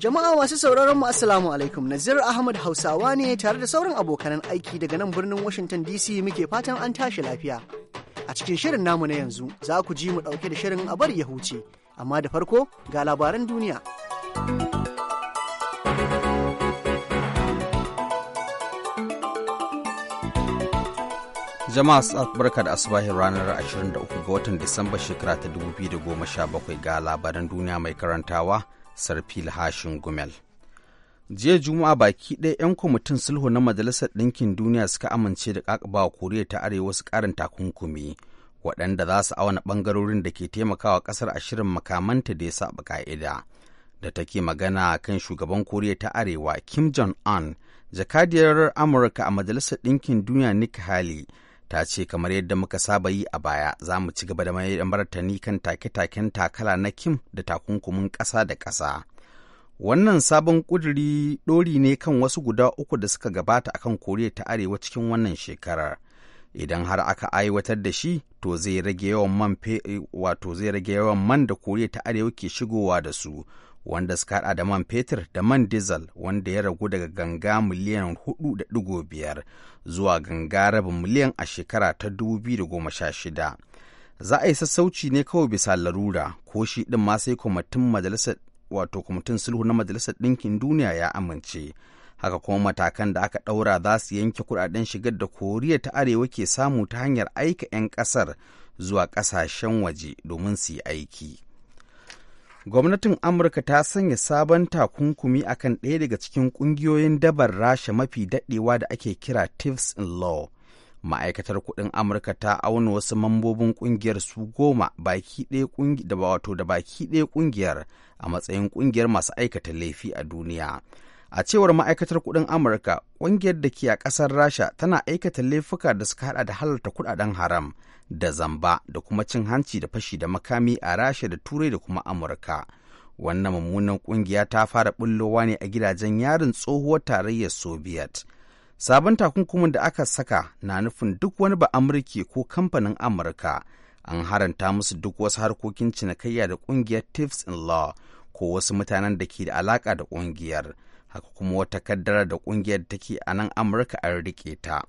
Jama'a masu sauraron mu Assalamu alaikum Nazir Ahmad Hausawa ne tare da sauran abokanan aiki daga nan birnin Washington DC muke fatan an tashi lafiya. A cikin shirin namu na yanzu za ku ji mu ɗauke da shirin a bari ya huce, amma da farko ga labaran duniya. Jama'a su barka da asubahin ranar 23 ga watan Disamba shekara ta 2017 ga labaran duniya mai karantawa. sarfil hashin gumel jiya juma'a baki ɗaya 'yan kwamitin sulhu na majalisar ɗinkin duniya suka amince da kakaba koriya ta arewa su ƙarin takunkumi waɗanda za su auna ɓangarorin da ke taimakawa ƙasar a shirin makamanta da ya saba ƙa'ida da take magana kan shugaban koriya ta arewa kim jong un jakadiyar amurka a majalisar ɗinkin duniya nick haley ta ce kamar yadda muka saba yi a baya za mu ci gaba da mai martani kan take-taken takala na kim da takunkumin ƙasa da ƙasa wannan sabon ƙuduri ɗori ne kan wasu guda uku da suka gabata akan koriya ta arewa cikin wannan shekarar idan har aka aiwatar da shi to zai rage yawan man da koriya ta arewa ke shigowa da su wanda suka hada da man fetur da man diesel wanda ya ragu daga ganga miliyan 4.5 zuwa ganga rabin miliyan a shekara ta 2016 za a yi sassauci ne kawai bisa larura ko shi din ma sai kwamitin majalisar wato kwamitin sulhu na majalisar ɗinkin duniya ya amince haka kuma matakan da aka ɗaura za su yanke kuɗaɗen shigar da koriya ta arewa ke samu ta hanyar aika 'yan ƙasar zuwa ƙasashen waje domin su yi aiki. gwamnatin amurka ta sanya sabon takunkumi akan ɗaya daga cikin ƙungiyoyin dabar rasha mafi daɗewa da ake kira tips in law ma'aikatar kuɗin amurka ta auna wasu mambobin ƙungiyar su goma baki ɗaya wato da baki ɗaya ƙungiyar a matsayin ƙungiyar masu aikata laifi a duniya a cewar ma'aikatar kuɗin amurka ƙungiyar da ke a ƙasar rasha tana aikata laifuka da suka haɗa da halarta kuɗaɗen haram da zamba da kuma cin hanci da fashi da makami a rasha da turai da kuma amurka wannan mummunan kungiya ta fara bullowa ne a gidajen yarin tsohuwar tarayyar soviet sabon takunkumin da aka saka na nufin duk wani ba amurki ko kamfanin amurka an haranta musu duk wasu harkokin cinikayya da kungiyar tips in law ko wasu mutanen da ke da alaka da kungiyar haka kuma wata kaddara da kungiyar take a nan amurka an rike ta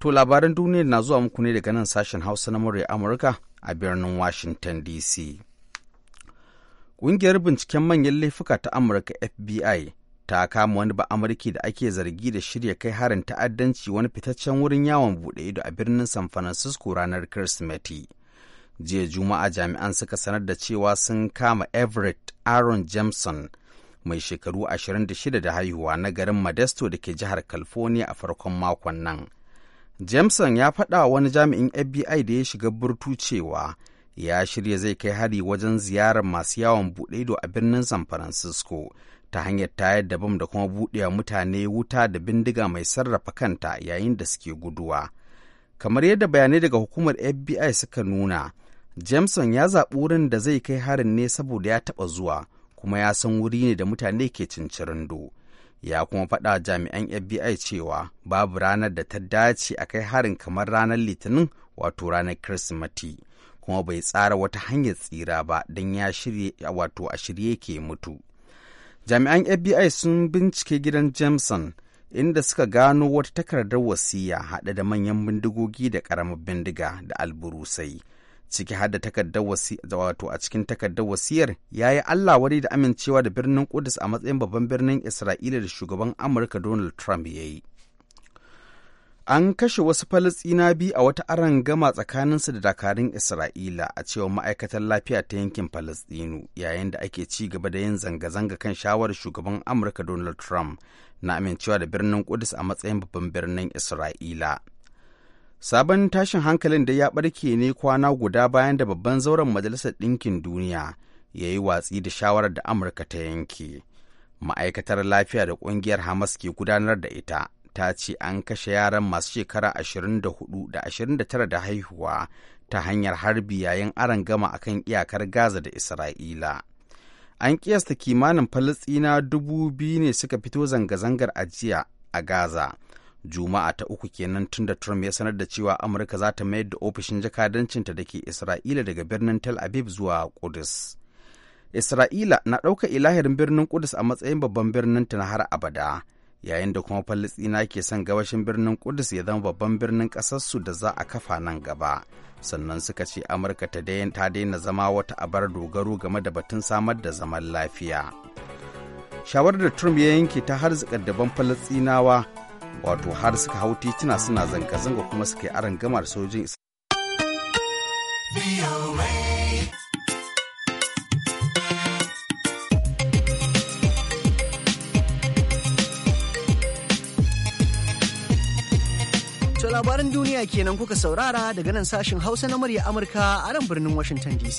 To labaran duniya na zuwa muku ne daga nan sashen Hausa na murya Amurka a birnin Washington DC. Ƙungiyar binciken manyan laifuka ta Amurka FBI ta kama wani ba Amurki da ake zargi da shirya kai harin ta'addanci wani fitaccen wurin yawon buɗe ido a birnin San Francisco ranar Kirsimeti. Jiya Juma'a jami'an suka sanar da cewa sun kama Everett Aaron Jameson mai shekaru 26 da haihuwa na garin Modesto da ke jihar California a farkon makon nan. Jameson ya faɗa wani jami'in FBI da ya shiga burtu cewa ya shirya zai kai hari wajen ziyarar masu yawon buɗe ido a birnin San Francisco ta hanyar tayar da bam da kuma buɗewa mutane wuta da bindiga mai sarrafa kanta yayin da suke guduwa. Kamar yadda bayanai daga hukumar FBI suka nuna, Jameson ya zaɓi wurin da zai kai harin ne saboda ya taɓa zuwa kuma ya san wuri ne da mutane ke cincirindo. ya kuma faɗa jami'an FBI cewa babu ranar da ta dace a kai harin kamar ranar Litinin wato ranar Kirsimati, kuma bai tsara wata hanyar tsira ba don ya shirye wato a shirye ke mutu. Jami'an FBI sun bincike gidan Jameson inda suka gano wata takardar wasiya haɗe da manyan bindigogi da ƙaramin bindiga da alburusai. ciki har da takardar wato a cikin takardar wasiyar ya yi Allah wari da amincewa da birnin Kudus a matsayin babban birnin Isra'ila da shugaban Amurka Donald Trump ya yi. An kashe wasu Falasɗina biyu a wata aron tsakanin tsakaninsu da dakarun Isra'ila a cewar ma'aikatar lafiya ta yankin Falasɗinu yayin da ake ci gaba da yin zanga-zanga kan shawarar shugaban Amurka Donald Trump na amincewa da birnin Kudus a matsayin babban birnin Isra'ila. Sabon tashin hankalin da ya ɓarke ne kwana guda bayan da babban zauren Majalisar Ɗinkin Duniya ya yi watsi da shawarar da Amurka ta yanke. Ma'aikatar lafiya da ƙungiyar Hamas ke gudanar da ita ta ce an kashe yaran masu shekara 24 da 29 da haihuwa ta hanyar harbi yayin aron gama akan iyakar Gaza da Isra'ila. An kiyasta kimanin Falasɗina dubu biyu ne suka fito zanga-zangar ajiya a Gaza. juma'a ta uku kenan tun da trump ya sanar da cewa amurka za ta mayar da ofishin jakadancinta da ke isra'ila daga birnin tel aviv zuwa kudus isra'ila na ɗaukar ilahirin birnin kudus a matsayin babban birninta ta na har abada yayin da kuma falistina ke son gabashin birnin kudus ya zama babban birnin ƙasarsu da za a kafa nan gaba sannan suka ce amurka ta daina zama wata abar dogaro game da batun samar da zaman lafiya shawarar da trump ya yanke ta harzika daban falastinawa wato har suka hau titina suna zanga-zanga kuma suka yi aron gama da sojin To labaran duniya kenan kuka saurara daga nan sashin Hausa na murya Amurka a nan birnin Washington DC.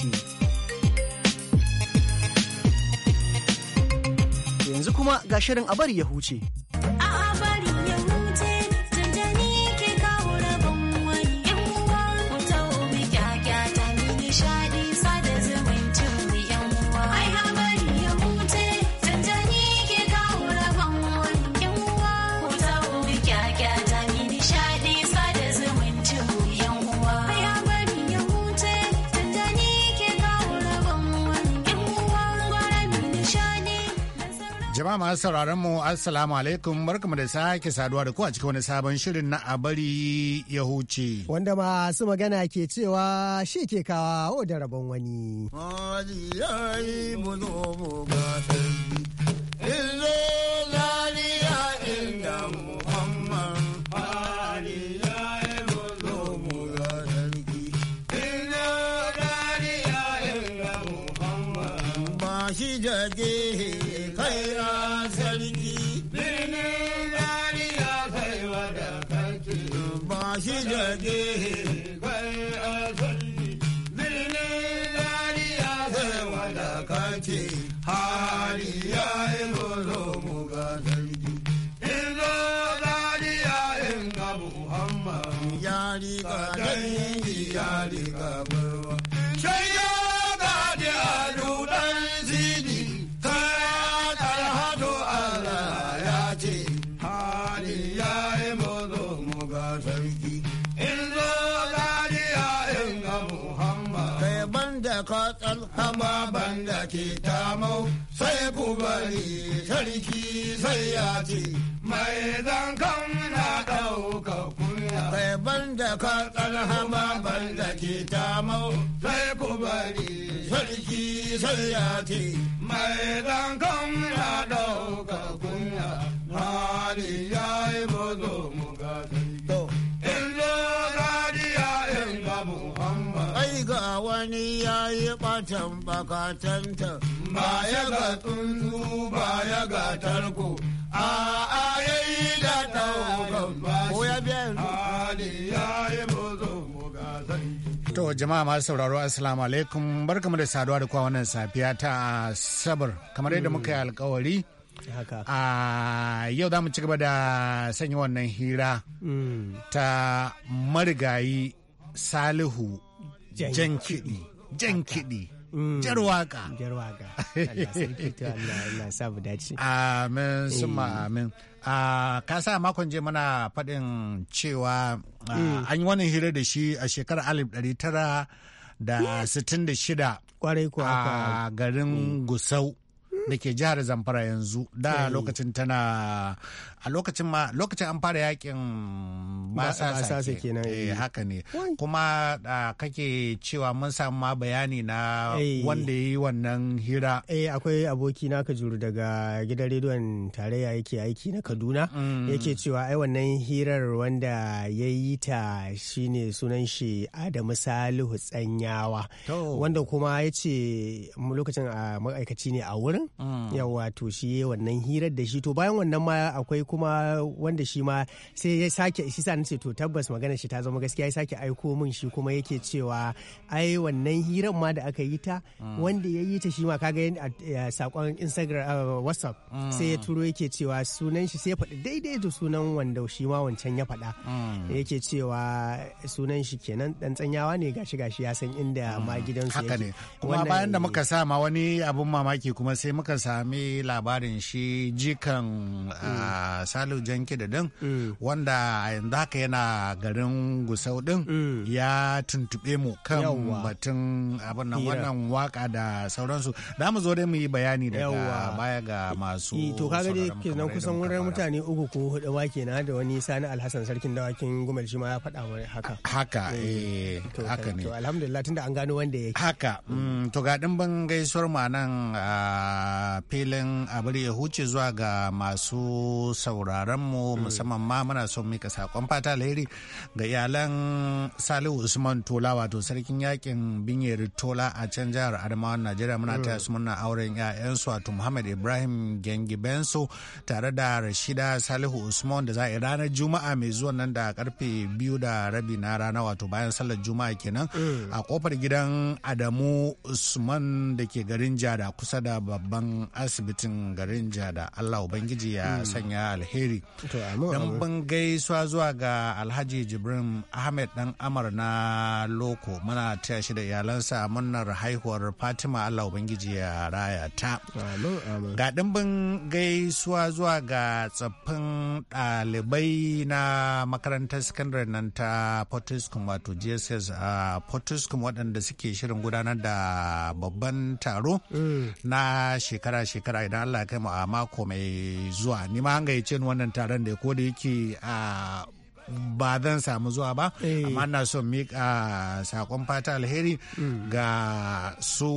Yanzu kuma ga shirin a bari ya huce. masu sauraron mu assalamu alaikum barkamu da sake saduwa da ku a cikin wani sabon shirin na a bari ya huce. Wanda masu magana ke cewa shi ke kawa o da rabon wani. Yeah. jage shi jadi kai a birnin dariya sai wadakace ke tamau sai ku bari sarki sai ya ce mai zankan na ɗauka kunya. Sai ban da ka tsarhama ban da ke tamau sai ku bari sarki sai ya ce mai zankan na ɗauka kunya. Hali ya yi bozo ya yi batan bakatanta. Ba ya ga tsuntsu ba ya ga tarko, a a ya yi da ɗaukan bashi. Ali ya yi bozo mu ga To jama'a masu sauraro assalamu alaikum barkamu da saduwa da kwa wannan safiya ta sabar kamar yadda muka yi mm. alkawari a yau za mu ci gaba da sanya wannan hira mm. ta marigayi salihu jan kiɗi jan kiɗi mm. jar waka jar waka Allah sa mu dace amin suma eh. amin ah, ka sa makon je mana faɗin cewa ah, mm. an yi wani hira da shi a shekarar alif ɗari tara da sittin da shida a garin mm. gusau da ke jihar zamfara yanzu da lokacin tana a lokacin ma lokacin an fara yakin masasa kenan eh haka ne kuma kake cewa mun samu ma bayani na wanda yi wannan hira eh akwai aboki na kajuru daga gidan rediyon tarayya yake aiki na kaduna mm. yake cewa ai wannan hirar wanda ya yi ta shine sunan shi adamu salihu tsanyawa wanda kuma ya ce lokacin a ma'aikaci ne a wurin Mm. yawa to shi wannan hirar da shi to bayan wannan ma akwai kuma wanda shi ma sai ya sake shi sa nace to tabbas magana shi ta zama gaskiya ya sake aiko min shi kuma yake cewa ai wannan hirar ma da aka yi ta mm. wanda ya yi ta shi ma kaga a eh, sakon Instagram eh, WhatsApp mm. sai ya turo yake cewa sunan shi sai ya faɗi daidai da sunan wanda shi ma wancan ya faɗa yake cewa sunan shi kenan dan tsanyawa ne gashi gashi ya san inda ma gidansu yake haka ne kuma bayan da muka sa ma wani abun mamaki kuma sai muka muka sami labarin shi jikan mm. ah, salu janki da din mm. wanda yanzu haka yana garin gusau din mm. ya tuntube mu kan batun abin nan wannan waka da sauransu da mu zo dai mu yi bayani daga baya ga masu to kaga dai kenan kusan wurin mutane uku ko hudu wa kenan da wani sani alhassan sarkin dawakin gumal shi ma ya faɗa wa haka haka eh haka ne to alhamdulillah tunda an gano wanda yake haka to ga dimbin gaisuwar ma nan ah, filin abar ya huce zuwa ga masu sauraronmu hmm. musamman ma muna son mika sakon fata lairi ga iyalan Salihu Usman Tola wato sarkin yakin binyere Tola a can jihar Adamawa Najeriya muna hmm. taya su muna auren 'ya'yansu wato Muhammad Ibrahim Gengi Benso tare da Rashida Salihu Usman da za a yi ranar Juma'a mai zuwa nan da karfe biyu da rabi na rana wato bayan sallar Juma'a kenan hmm. a kofar gidan Adamu Usman da ke garin Jada kusa da babban shugaban asibitin garin jada allah ubangiji ya hmm. sanya alheri don ban gaisuwa zuwa ga alhaji jibrin ahmed dan amar na loko muna taya shi da iyalansa murnar haihuwar fatima allah ubangiji ya raya ta ga dimbin gaisuwa zuwa ga tsaffin ɗalibai na makarantar sakandare nan ta potiskum wato gss a potiskum waɗanda suke shirin gudanar da babban taro hmm. na shekara-shekara idan Allah ya kai mu a mako mai zuwa ni ma an gayyace ni wannan taron da ko da yake a ba zan samu zuwa ba eh. amma na son mika sakon fata alheri mm. ga su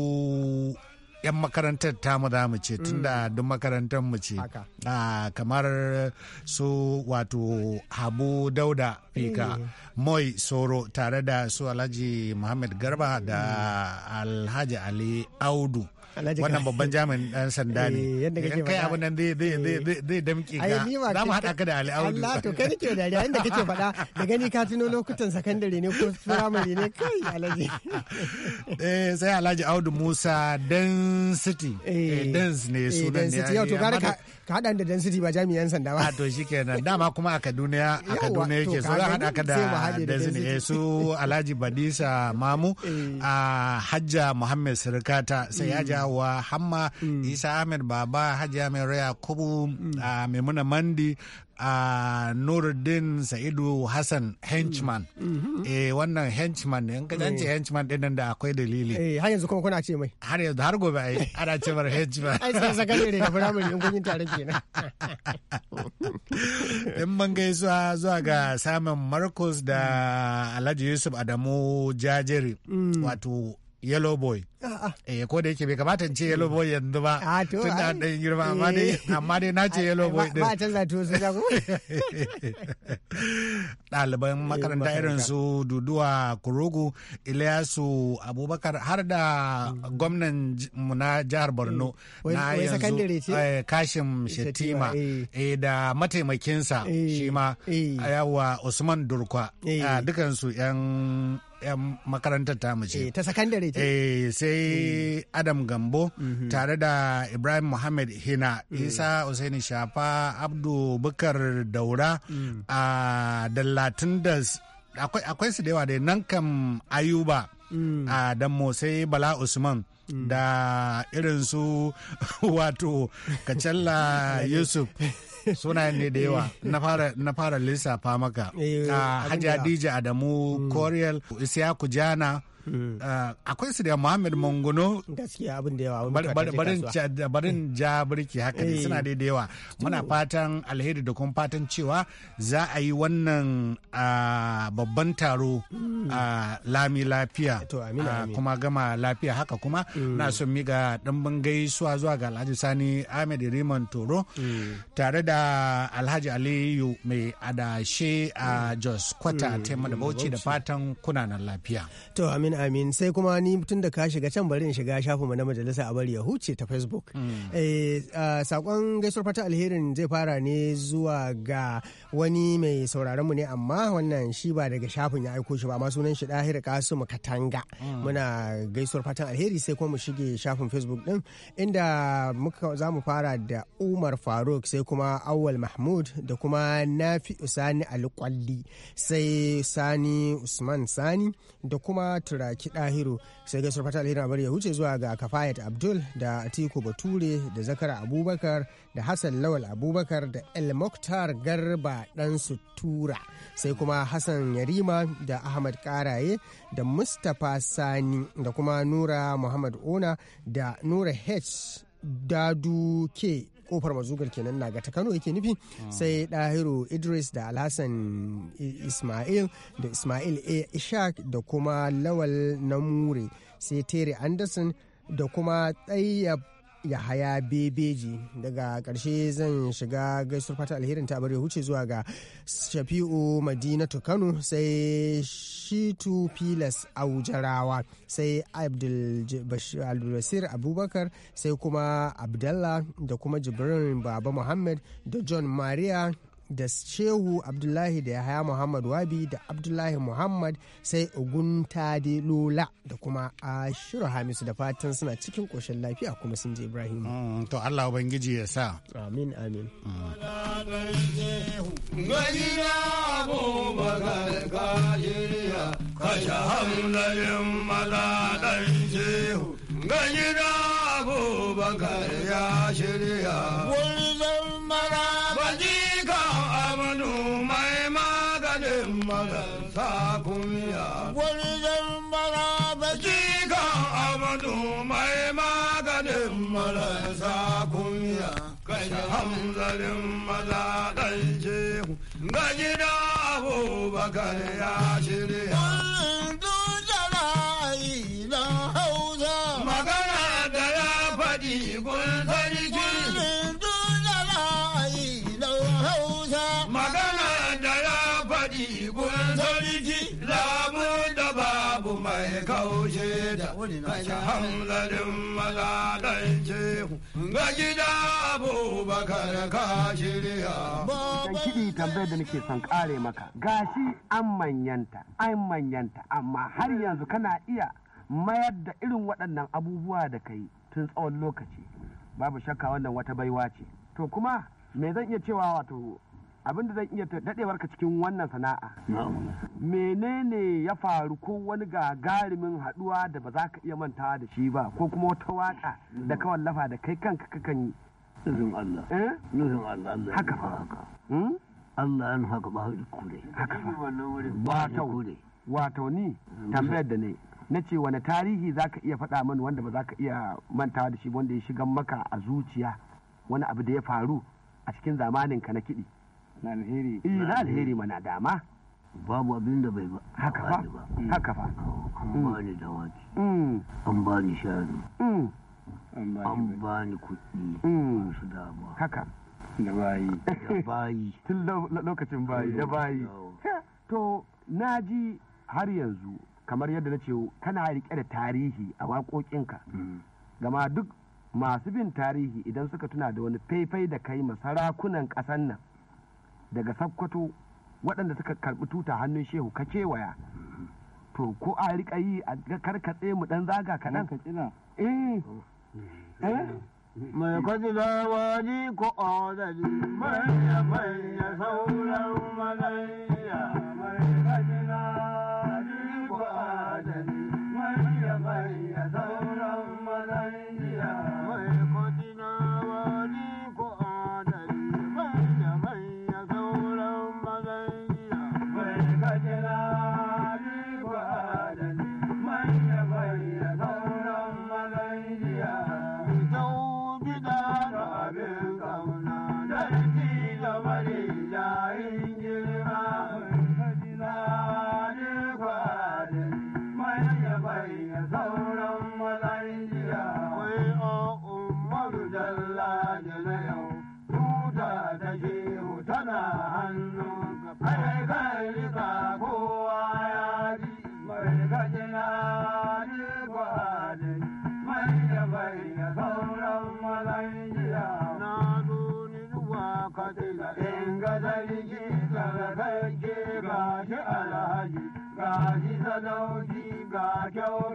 'yan makarantar tamu za mu ce da mm. duk makarantar mu ce kamar su wato habu dauda fika eh. moi soro tare da su alhaji muhammad garba da mm. alhaji ali audu wannan babban jami'in dan sanda ne eh, yadda kake kai abin nan dai dai dai zai eh. damke ga za mu haɗa ka da al'audu Allah to kai nake da yayin da kake faɗa da gani ka tuno lokutan secondary ne ko primary ne kai alhaji eh sai alhaji Audu Musa dan city eh, eh dance ne sunan ne yau to gara ka haɗa da density ba jami'an sanda ba to shikenan dama kuma a Kaduna a Kaduna yake so ran haɗa ka da density eh, su Alhaji Badisa Mamu eh. a Hajja Muhammad Sirkata sai ya mm. jawa Hamma mm. Isa Ahmed Baba Hajja Mai Raya Kubu mm. Maimuna Mandi a nuruddin sa'idu hassan henchman e wannan henchman ne in ka ce mm. henchman din da akwai dalili eh har yanzu kuma kuna ce mai har yanzu har gobe ai ana ce mar henchman ai sai saka ne da firamare in kun yi tare kenan in mun gaisuwa zuwa ga Simon Marcos da Alhaji Yusuf Adamu Jajiri mm. wato yellow boy eh ko da yake bai kamata in ce yellow boy yanzu ba tun da dan girma amma dai eh. amma dai na ce yellow boy din ba canza to su ko ɗaliban eh, makaranta irin su duduwa kurugu ilyasu abubakar har da mm. gwamnan mu na jihar eh. borno na yanzu kashim shetima eh da mataimakinsa shi ma yawa usman durkwa ah, dukansu yan yan makarantar ta mace eh, ta sakandare ce eh, sai hmm. adam gambo mhm. tare da ibrahim muhammad hina hmm. isa usaini shafa abdu bukar daura hmm. a dallatin da akwai su da yawa da nan kam ayuba a dan sai bala usman Mm. da irin su wato kacalla yusuf sunayen ne da yawa eh. na fara lissafa maka eh, ah, hajji adamu mm. koriel isiyaku jana Mm. Eh, akwai su da muhammad mangono gaskiya barin mm. ja birki haka ne suna eh. da yawa muna fatan alheri da kuma fatan cewa za a yi wannan ah, babban taro mm. ah, lami lafiya ah, kuma gama lafiya haka kuma na son miga ɗanbin gaisuwa zuwa ga alhaji sani ahmed riman toro tare da alhaji aliyu mai adashe a jos kwata taimada bauchi da fatan kunanan lafiya amin amin sai kuma ni tun da ka shiga can bari in shiga shafin mu na majalisa a bari ya huce ta facebook hmm. eh, ah, sakon gaisuwar fata alherin zai fara ne zuwa ga wani mai sauraron mu ne amma wannan shi ba daga shafin ya aiko shi ba amma sunan shi dahir kasu mu katanga hmm. muna gaisuwar fatan alheri sai kuma mu shige shafin facebook din inda muka za mu fara da umar faruk sai kuma awal mahmud da kuma nafi usani alƙwalli sai sani usman sani da kuma raki ɗahiru sai gaisuwar fata alheri bari ya wuce zuwa ga kafayat abdul da atiku bature da zakara abubakar da hassan lawal abubakar da el moktar garba dan sutura sai kuma hassan yarima da ahmad karaye da mustapha sani da kuma nura muhammad ona da nura h dadu ke kofar mazugar kenan na ga ta kano yake nufi sai dahiru idris da alhassan ismail da ismail a ishaq da kuma lawal namure sai terry anderson da kuma tsayyab ya haya bebeji daga karshe zan shiga gaisuwar fata alherin ta bari huce zuwa ga shafi'u madinatu kano sai shitu filas wujarawa sai abdulbasir abubakar sai kuma abdallah da kuma jibrin baba muhammad da john maria da shehu abdullahi da yahaya muhammad wabi da abdullahi muhammad sai ogun tade lola da kuma ashiru hamisu da fatan suna cikin koshin lafiya kuma sun je ibrahim mm, to allah ubangiji ya sa amin amin Kashe da abubakar ya shirya. baran sa kumiya. Wani zan bara baki kan amadu mai maganin maran sa kumiya. Kashe hamzarin maza ɗan shehu, ga gida abubakar ya shirya. ga hamzarin maza ɗan cehu ga gida abubakar ka shirya. kiɗi tambayar da nake son ƙare maka gashi an manyanta an manyanta amma har yanzu kana iya mayar da irin waɗannan abubuwa da kai tun tsawon lokaci babu shakka wannan wata baiwa ce to kuma me zan iya cewa wato abin da zan iya dadewar ka cikin wannan sana'a menene ya faru ko wani gagarumin haduwa da ba za ka iya mantawa da shi ba ko kuma wata waka da ka wallafa da kai kanka kakan yi nufin Allah eh? nufin Allah Allah haka fa haka hmm? Allah yan haka ba haka kure haka ba ta kure wato ni tambayar da ne na ce wani tarihi za ka iya faɗa mani wanda ba za ka iya mantawa da shi wanda ya shiga maka a zuciya wani abu da ya faru a cikin zamaninka na kiɗi na alheri eh na alheri mana dama babu abin da bai ba haka fa mm. haka fa an ba ni dawaki an ba ni shanu an ba ni kuɗi su dama haka da bayi da bayi tun lokacin bayi da bayi to na ji har yanzu kamar yadda na ce kana rike da tarihi a waƙoƙinka mm. gama duk masu bin tarihi idan suka tuna da wani faifai da kai masarakunan ƙasan nan daga sabkwato waɗanda suka karɓi tuta hannun shehu ka kewaya to ko a riƙa yi a karkatse mu ɗan zaga kaɗan nan eh. eh? eh? mai kwaji da waji ko odari mai ya mai ya sauran no, he got your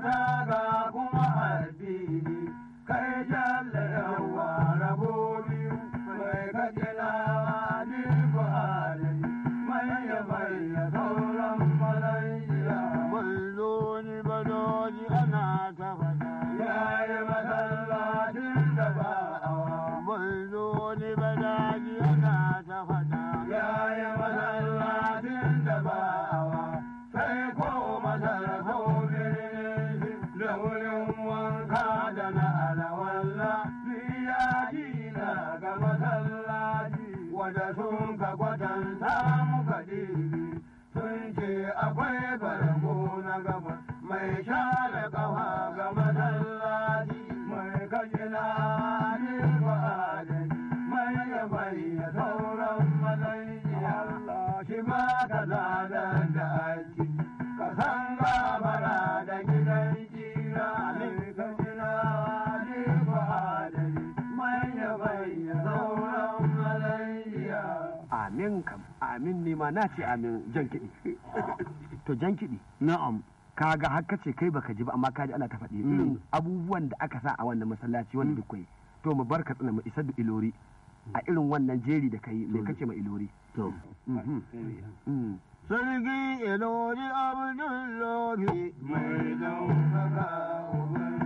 masallaci wanda sun ka kwatanta ma na ce amin jan kiɗi to jan na'am kaga haka ce kai baka ji ba amma kaji ana ta faɗi mm. abubuwan da aka sa a wannan masallaci wanda mm. duk kai to mu bar tsina mu isa da ilori a irin wannan jeri da kai me mm. kace ma ilori to mm-hmm. sarki ilori abdullahi mai daukaka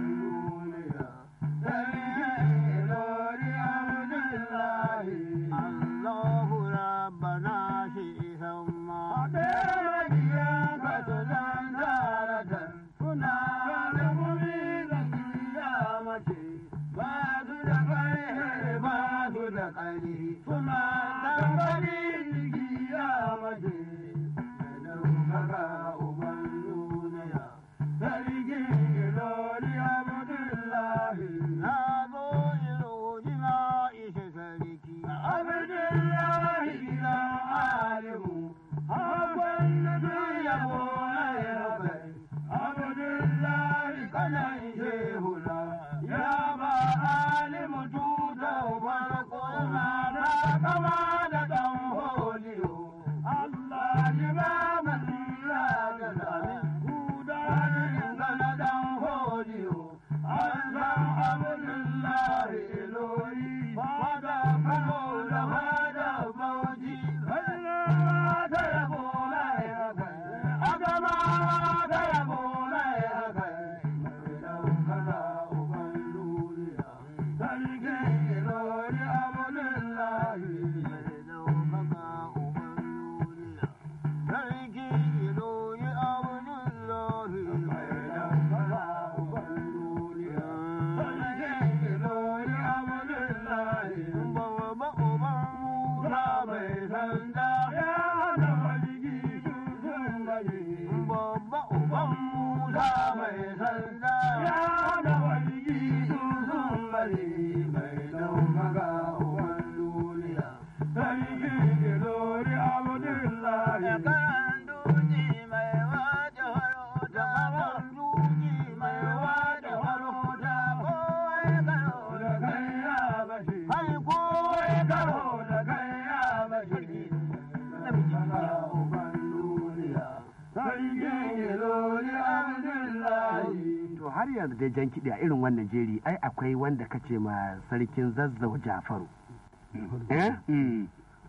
dai jan kiɗi a irin wannan jeri ai akwai wanda ka ce ma sarkin zazzau jafaru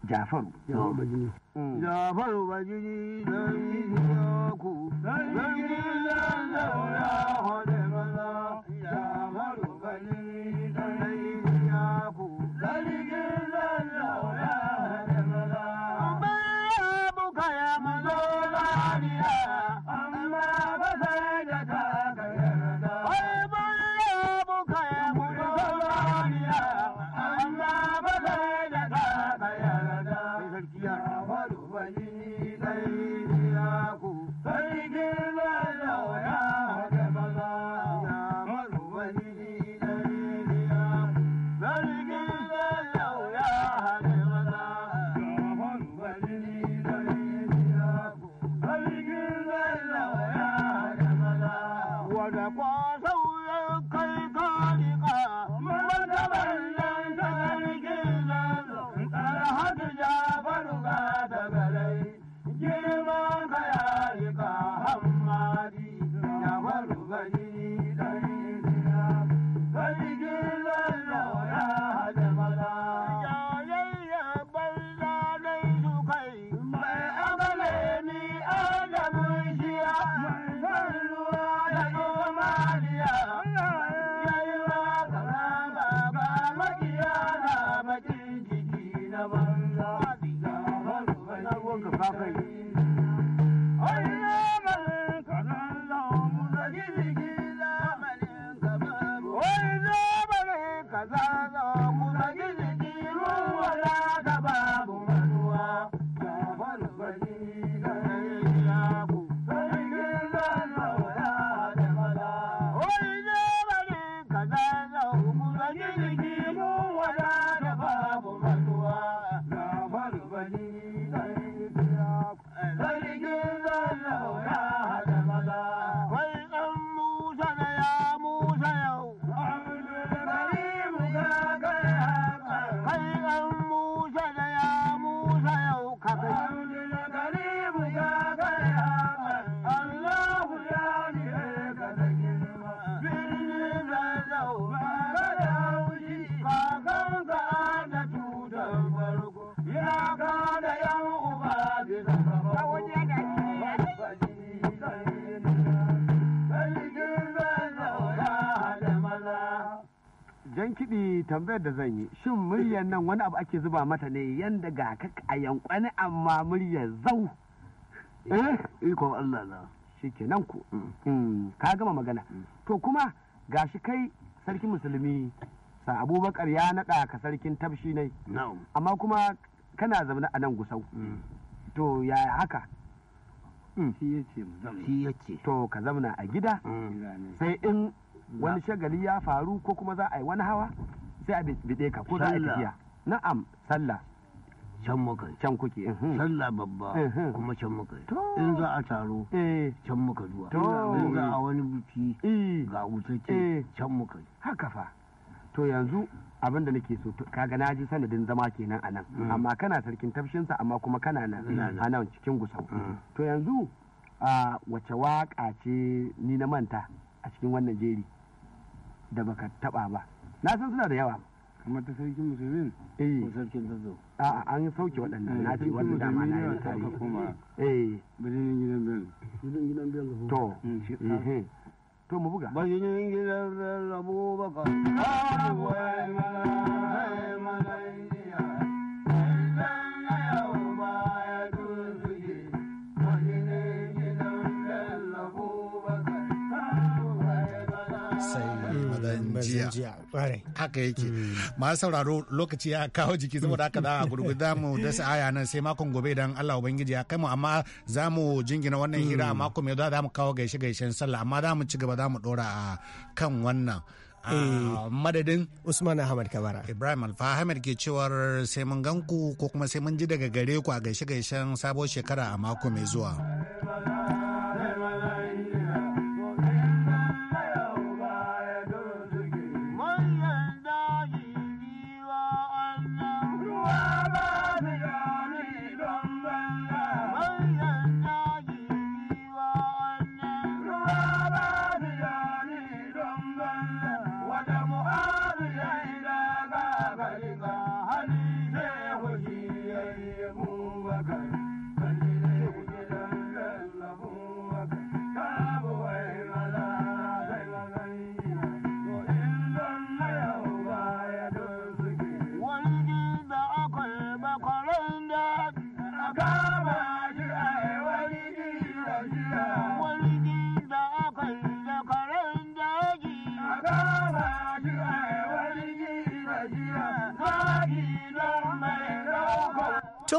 jafaru jafaru jini don ya ku sarki zazzau ya hode tambayar da zan yi shin muryar nan wani abu ake zuba mata ne yanda ga ka a yankwani amma muryar zau eh iko Allah na nan ku mm. Mm, ka gama magana mm. to kuma gashi kai sarki musulmi sa abubakar ya naɗa ka sarkin tabshi ne amma kuma kana zaune a nan gusau to ya haka shi ya ce to ka zamna a gida sai in wani shagali ya faru ko kuma za a yi wani hawa sai a bide ka ko za a tafiya na'am sallah can muka can kuke sallah babba kuma can muka in za a taro eh. can muka zuwa in za a wani buki eh. ga wutacce eh. can muka haka fa to yanzu abin da nake so kaga na ji sanadin zama kenan a nan mm. amma kana sarkin tafshinsa amma kuma kana nan a nan cikin gusau mm. to yanzu a wace waka ce ni na manta a cikin wannan jeri da baka taba ba na san suna da yawa kamar ta sarkin musulmin eh. ko ta zo a an yi sauke waɗannan na ji wannan dama na yi kuma eh bajinin gidan bello gidan gidan bello to eh, eh. to mu buga bajinin gidan bello ah, abubakar abubakar jiya haka yake mm. masu sauraro lokaci ya kawo jiki saboda haka da gurgudu za mu dasa aya nan sai makon gobe idan Allah ubangiji ya kai mu amma za mu jingina wannan hira a mm. mako mai za mu kawo gaishe gaishen sallah amma za mu ci gaba za mu dora a kan wannan mm. madadin Usman Ahmad Kabara. Ibrahim Alfa ke cewar sai mun ganku ko kuma sai mun ji daga gare ku a gaishe gaishen sabon shekara a mako mai zuwa.